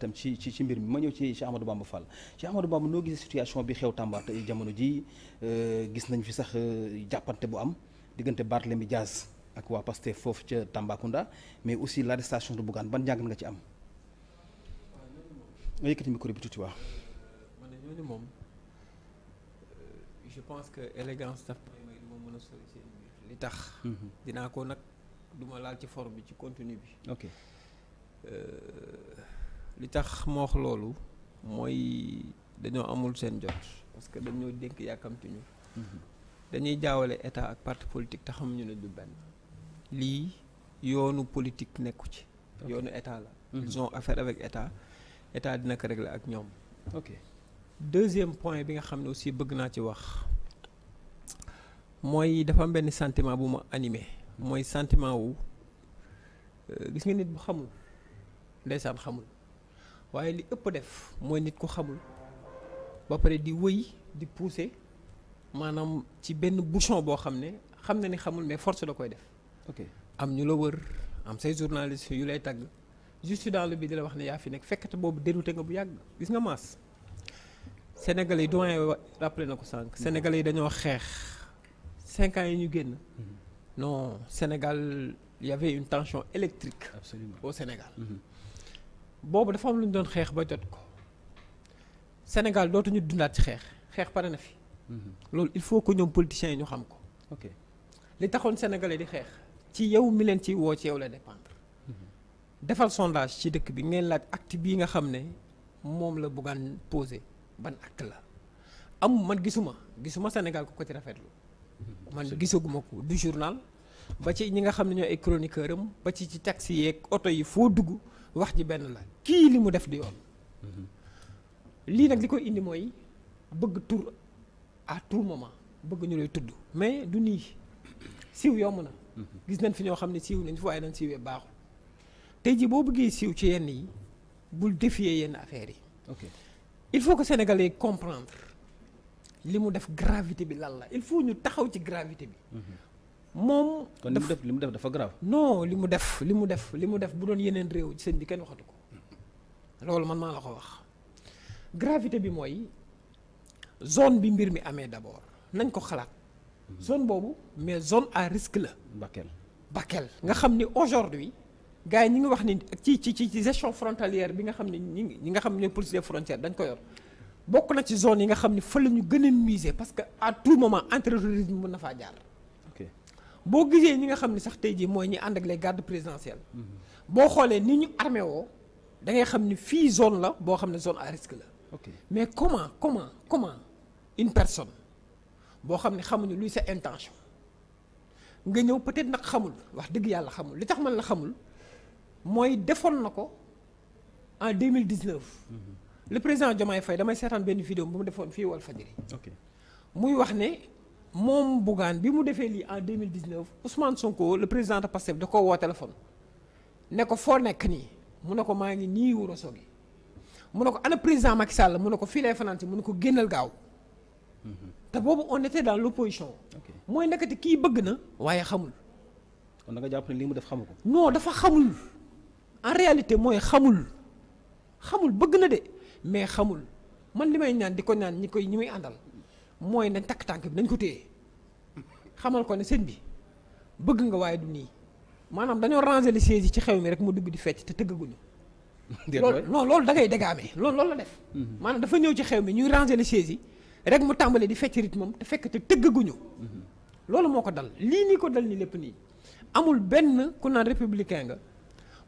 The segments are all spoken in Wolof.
xalaatam ci ci ci mbir mi ma ñëw ci Cheikh Amadou Bamba Fall Cheikh Amadou Bamba noo gisee situation bi xew Tamba tey jamono ji euh, gis nañ fi sax euh, jàppante bu am diggante Barthélemy Diaz ak waa Pastef foofu ca Tambacounda mais aussi la l'arrestation de Bougane ban jàngat nga ci am nga yëkkati micro bi tuuti waa ma ne ñooñu moom euh, je pense que élégance daf may du mën a sori seen li tax mhm. dinaa ko nag duma laal ci forme bi ci contenu bi li tax moo wax loolu mooy dañoo amul seen jot parce que dañoo dénk yàkkamti dañuy jaawale état ak parti politique te xamuñu ne du benn lii yoonu politique nekku ci yoonu état la mhm. ils affaire avec état état dina ko régler ak ñoom deuxième point bi nga xam ne aussi bëgg naa ci wax mooy dafa am benn sentiment bu ma animé mhm. mooy sentiment wu euh, gis nga nit bu xamul ndeysaan xamul waaye li ëpp def mooy nit ku xamul ba pare di wëy di pousser maanaam ci benn bouchon boo xam ne xam na ni xamul mais force da koy def. ok am ñu la wër am say journaliste yu lay tàgg juste dans le bi di la wax ne yaa fi nekk fekkate boobu dérouté nga bu yàgg gis nga maas. sénégal yi doyen rappelé na ko sànq. sénégal yi dañoo xeex. cinq ans yi ñu génn. Mhm. non Sénégal il une tension électrique. Absolument. Sénégal. Mhm. boobu dafa am lu ñu doon xeex ba jot ko Sénégal dootuñu dundaat ci xeex xeex pare na fi. Mhm. loolu il faut que ñoom politiciens yi ñu xam ko. ok li taxoon sénégalais di xeex. ci yow mi leen ci woo ci yow la dépendre. Mhm. defal sondage ci dëkk bi ngeen laaj acte bii nga xam ne moom la buggaan posé ban acte la am man gisuma gisuma Sénégal ku ko ci rafetlu. Mhm. man gisaguma ko du journal ba ci ñi nga xam ne ñoo ay chroniqueur am ba ci ci taxi yeeg oto yi foo dugg. wax ji benn la kii li mu def di yoon lii nag li koy indi mooy bëgg tur à tout moment bëgg ñu lay tudd mais du nii siiw yomb na gis nañ fi ñoo xam ne siw nañ foo waaye nañ siiwee baaxul tey ji boo bëggee siw ci yenn yi bul défier yenn affaires yi il faut que sénégalais comprendre li mu def gravité bi lan la il faut ñu taxaw ci gravité bi mhm. moom. kon li mu def li mu def dafa grave. non li mu def li mu def li mu def bu doon yeneen réew ci sëñ bi kenn waxatu ko loolu man maa la ko wax gravité bi mooy zone bi mbir mi amee d'abord nañ ko xalaat. zone boobu mais zone à risque la. Bakel Bakel nga xam ni aujourd'hui gars yi ñi ngi wax ni ci ci ci gestion frontalière bi nga xam ne ñi ñi nga xam ne police des frontières dañ ko yor bokk na ci zone yi nga xam ni fa la ñu gën a miser parce que à tout moment entre terrorisme mën na faa jaar. boo gisee ñi nga xam ne sax tey jii mooy ñi ànd ak les gardes présidentielles boo xoolee ni ñu armé woo da ngay xam ni fii zone la boo xam ne zone à risque la okay. mais comment comment comment une personne boo xam ne xamuñu luy sa intention nga ñëw peut-être nag xamul wax dëgg yàlla xamul li tax man la xamul mooy defoon na ko en 2019 mhm. le président Diomaye Faye damay seetaan benn vidéo bu mu defoon fii Walfadjri muy wax ne moom Bougane bi mu defee lii en 2019 Ousmane Sonko la président de Pastef da ko woo téléphone ne ko foo nekk nii mu ne ko maa ngi nii wuro sogi mun ne ko ana président Macky Sall mu ne ko fii lay fanaan si mu ne ko génnal gaaw mhm. te boobu on était dans l'opposition mooy nekkati kii bëgg na waaye xamul kon da jàpp ne lii mu def xamu ko non dafa xamul en réalité mooy xamul xamul bëgg na de mais xamul man li may ñaan di ko ñaan ñi koy ñi muy àndal mooy nañ takk tànk bi nañ ko téye xamal ko ne sëñ bi bëgg nga waaye du nii maanaam dañoo ranger le sièges ci xew mi rek mu dugg di fecc te tëggaguñu. loolu non loolu da ngay dégaamee loolu loolu la def. Mhm. maanaam dafa ñëw ci xew mi ñuy ranger les sièges yi mu tàmbalee di fecc rythme am te tëggaguñu. Mhm. loolu moo ko dal lii nii ko dal nii lépp nii amul benn ku naan républicain nga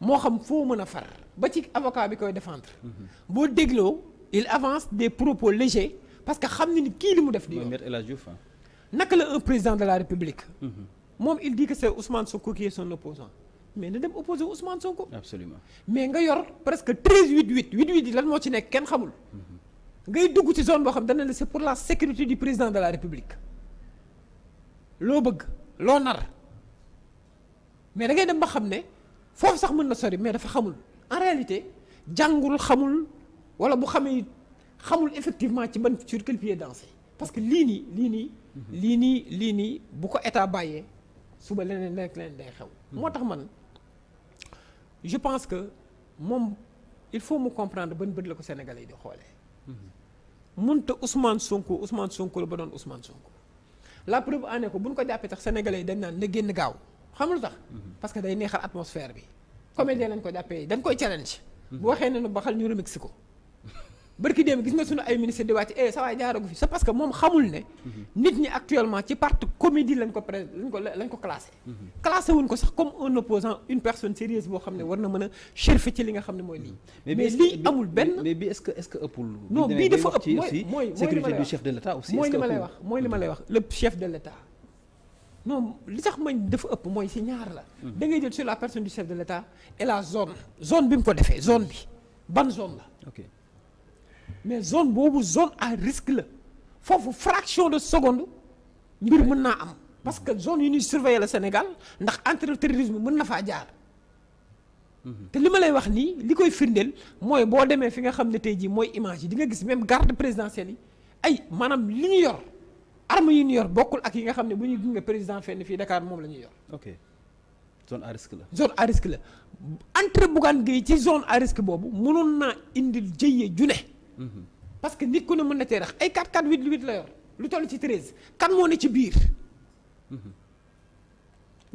moo xam foo mën a far ba ci avocat bi koy défendre. Mhm. boo dégloo il avance des propos légers. parce que xam na ni kii li mu def. di yoon Me El Hadji Diouf naka la un président de la république. Mm-hmm. moom il dit que c' est Ousmane Sonko qui est son opposant mais na dem opposé Ousmane Sonko. mais nga yor presque 13 8 8 8 8 yi lan moo ci nekk kenn xamul. Mm-hmm. ngay dugg ci zone boo xam dana la c' est pour la sécurité du président de la république. loo bëgg loo nar mais dangay dem ba xam ne foofu sax mën na sori mais dafa xamul en réalité jàngul xamul wala bu xamee. xamul effectivement ci ban sur quel pied danser parce que lii nii lii nii. lii nii lii nii bu ko état bàyyee suba leneen rek leneen day xew. moo tax man je pense que moom il faut mu comprendre ban bët la ko Sénégalais yi di xoolee. munta Ousmane Sonko Ousmane Sonko la ba doon Ousmane Sonko la preuve en est que bu ñu ko jàppee tax sénégalais yi dañ naan na génn gaaw xam tax. parce que day neexal atmosphère bi. comédien lañ ko jàppee dañ koy challenge. bu waxee ne nu baxal ñu remix ko. bërki démb gis nga suñu ay ministre di wàcc eh sa waay jaaragu fi c'est parce que moom xamul ne nit ñi actuellement ci parti comédie lañ ko pré lañ ko lañ ko wuñ ko sax comme un opposant une personne sérieuse boo xam ne war na mën a chercher ci li nga xam ne mooy lii mais lii amul benn mais bi est-ce que est-ce ëpp mooy mooy du chef de l'état aussi li ma mañ dafa ëpp mooy si ñaar la hmm. da ngay jël sur la personne du chef de l'état et la zone zone bi mu ko defee zone bi ban zone la mais zone boobu zone à risque la foofu fraction de seconde mbir mën naa am parce que zone yu ñuy surveiller le Sénégal ndax entre terrorisme mën na faa jaar te li ma lay wax nii li koy firndeel mooy boo demee fi nga xam ne tey jii mooy image yi di nga gis même garde présidentielle yi ay maanaam li ñu yor armes yu ñu yor bokkul ak yi nga xam ne bu ñuy gunge président fenn fii Dakar moom la ñuy yor. ok zone à risque la. zone à risque la entre Bougane Gueye ci zone à risque boobu mënoon naa indil jëye ju parce que nit ku ne mën na cee rax ay 4 4 8 8 la yor lu toll ci 13 kan moo ne ci biir.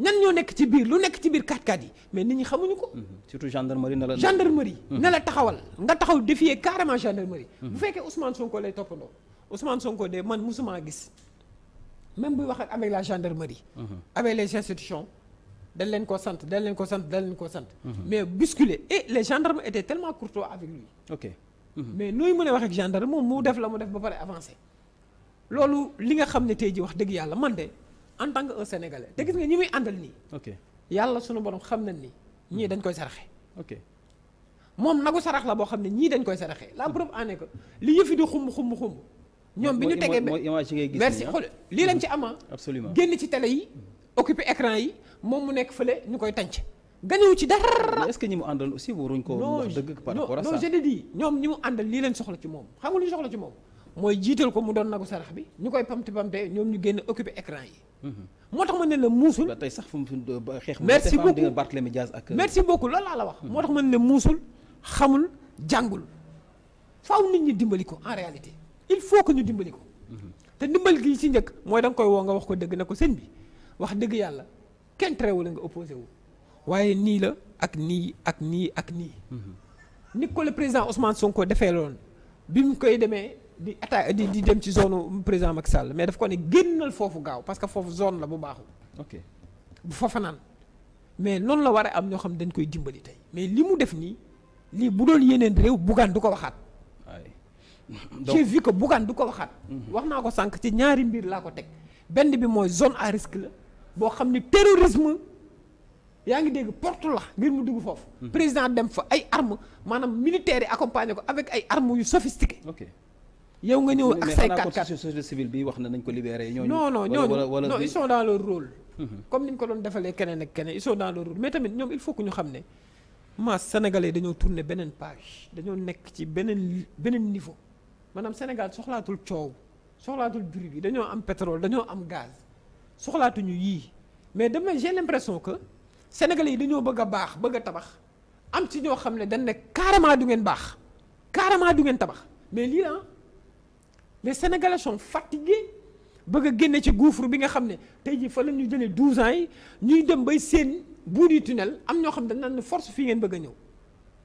ñan ñoo nekk ci biir lu nekk ci biir 4 4 yi mais nit ñi xamuñu ko. surtout gendarmerie na la. gendarmerie na la taxawal nga taxaw défier carrément gendarmerie. bu fekkee Ousmane Sonko lay toppandoo Ousmane Sonko de man musuma gis même buy wax ak avec la gendarmerie. avec les institutions. dañ leen ko sant dañ leen ko sant dañ leen ko sant. Mhm. mais bousculé et les gendarmes étaient tellement courtois avec Mhm. mais nooy mën a wax ak gendarme moom mu def la mu def ba pare avancé loolu li nga xam ne tey ji wax dëgg yàlla man de en tant que un sénégalais te gis nga ñi muy àndal nii. yàlla sunu borom xam nañ ni ñii mhm. dañ koy saraxe. ok moom nagu sarax la boo xam ne ñii dañ koy saraxe la mhm. preuve en est que li yëfi di xumb xumb xumb. ñoom bi ñu tegee ba image ngay gis merci ah. xool lii lañ ci ama absolument génn ci télé yi occupé écran yi moom mu nekk fële ñu koy tànc. gañewu ci dara. est-ce que ñi mu àndal aussi waruñ ko wax dëgg par rapport à ça non je l'ai dit ñoom ñi mu àndal lii leen soxla ci moom xam nga lu ñu soxla ci moom mooy jiital ko mu doon nagu sarax bi ñu koy pamte pamte ñoom ñu génn occupé écran yi mm-hmm. moo tax ma ne la muusul tey sax fu mu xeex merci beaucoup Barthélémy Diaz ak merci beaucoup loolu laa la wax mm-hmm. moo tax ma ne la muusul xamul jàngul faaw nit ñi dimbali ko en réalité il faut que ñu dimbali ko mm-hmm. te dimbali gi ci njëkk mooy da nga koy woo nga wax ko dëgg na ko sëñ bi wax dëgg yàlla kenn terewul nga opposé wu waaye nii la ak nii ak nii ak nii. Mhm. ni ko le président son ko defee loon bi mu koy demee di attaque di di dem ci zone président Macky Sall mais daf ko ne génnal foofu gaaw parce que foofu zone la bu baaxul. ok bu fa fanaan mais noonu la war a am ñoo xam dañ koy dimbali tey mais li mu def nii lii bu doon yeneen réew Bougane du ko waxaat. donc j'ai vu du ko waxaat. Mhm. wax naa ko sànq ci ñaari mbir laa ko teg benn bi mooy zone à risque la boo xam ni terrorisme. yaa ngi dégg porte la ngir mu dugg foofu. Mhm. président dem fa ay armes maanaam militaires yi accompagné ko avec ay armes yu sophistiquées. ok yow nga ñëw ak say. 4 4 mais xanaa ko société bi wax na nañ ko libéré. ñooñu non non ñooñu non ils sont dans leur rôle. Mhm. comme ni ñu ko doon defalee keneen ak keneen ils sont dans leur rôle mais tamit ñoom il faut que ñu xam ne masse sénégalais dañoo tourné beneen page dañoo nekk ci beneen beneen niveau maanaam Sénégal soxlaatul coow soxlaatul bruit bi dañoo am pétrole dañoo am gaz soxlaatuñu yii mais dama j'ai l'impression que. Sénégalais yi dañoo bëgg a baax bëgg a tabax am ci ñoo xam ne dañ ne carrément du ngeen baax carrément du ngeen tabax mais lii la ah. les Sénégalais sont fatigués bëgg a génne ci gouffre bi nga xam ne tey jii fa la ñu jëlee 12 ans yi ñuy dem bay seen bout du tunnel am ñoo xam ne dañ naan force fii ngeen bëgg a ñëw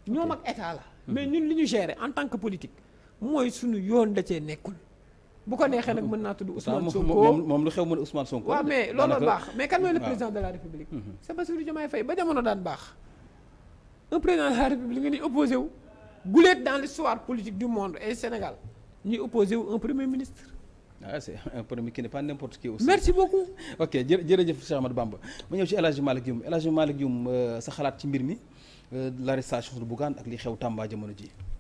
ñoo ak état la mais ñun li ñu gérer en tant que politique mooy suñu yoon da cee nekkul bu ko neexee nag mën naa tudd Ousmane Sonko moom lu xew mën Ousmane Sonko waaw mais loolu baax mais kan mooy le président de la république mhm. c'est Bassirou Diomaye Faye ba jamono daan baax un président de la république nga ni opposé wu guleet dans l'histoire politique du monde ay Sénégal ñuy opposé wu un premier ministre ah c'est un premier qui n'est merci beaucoup. ok jë jërëjëf Cheikh Ahmadou Bamba ma ñëw ci El Hadj Malick Dioum El Hadj euh, sa xalaat ci mbir mi la euh, l'arrestation de Bougane ak li xew Tamba jamono ji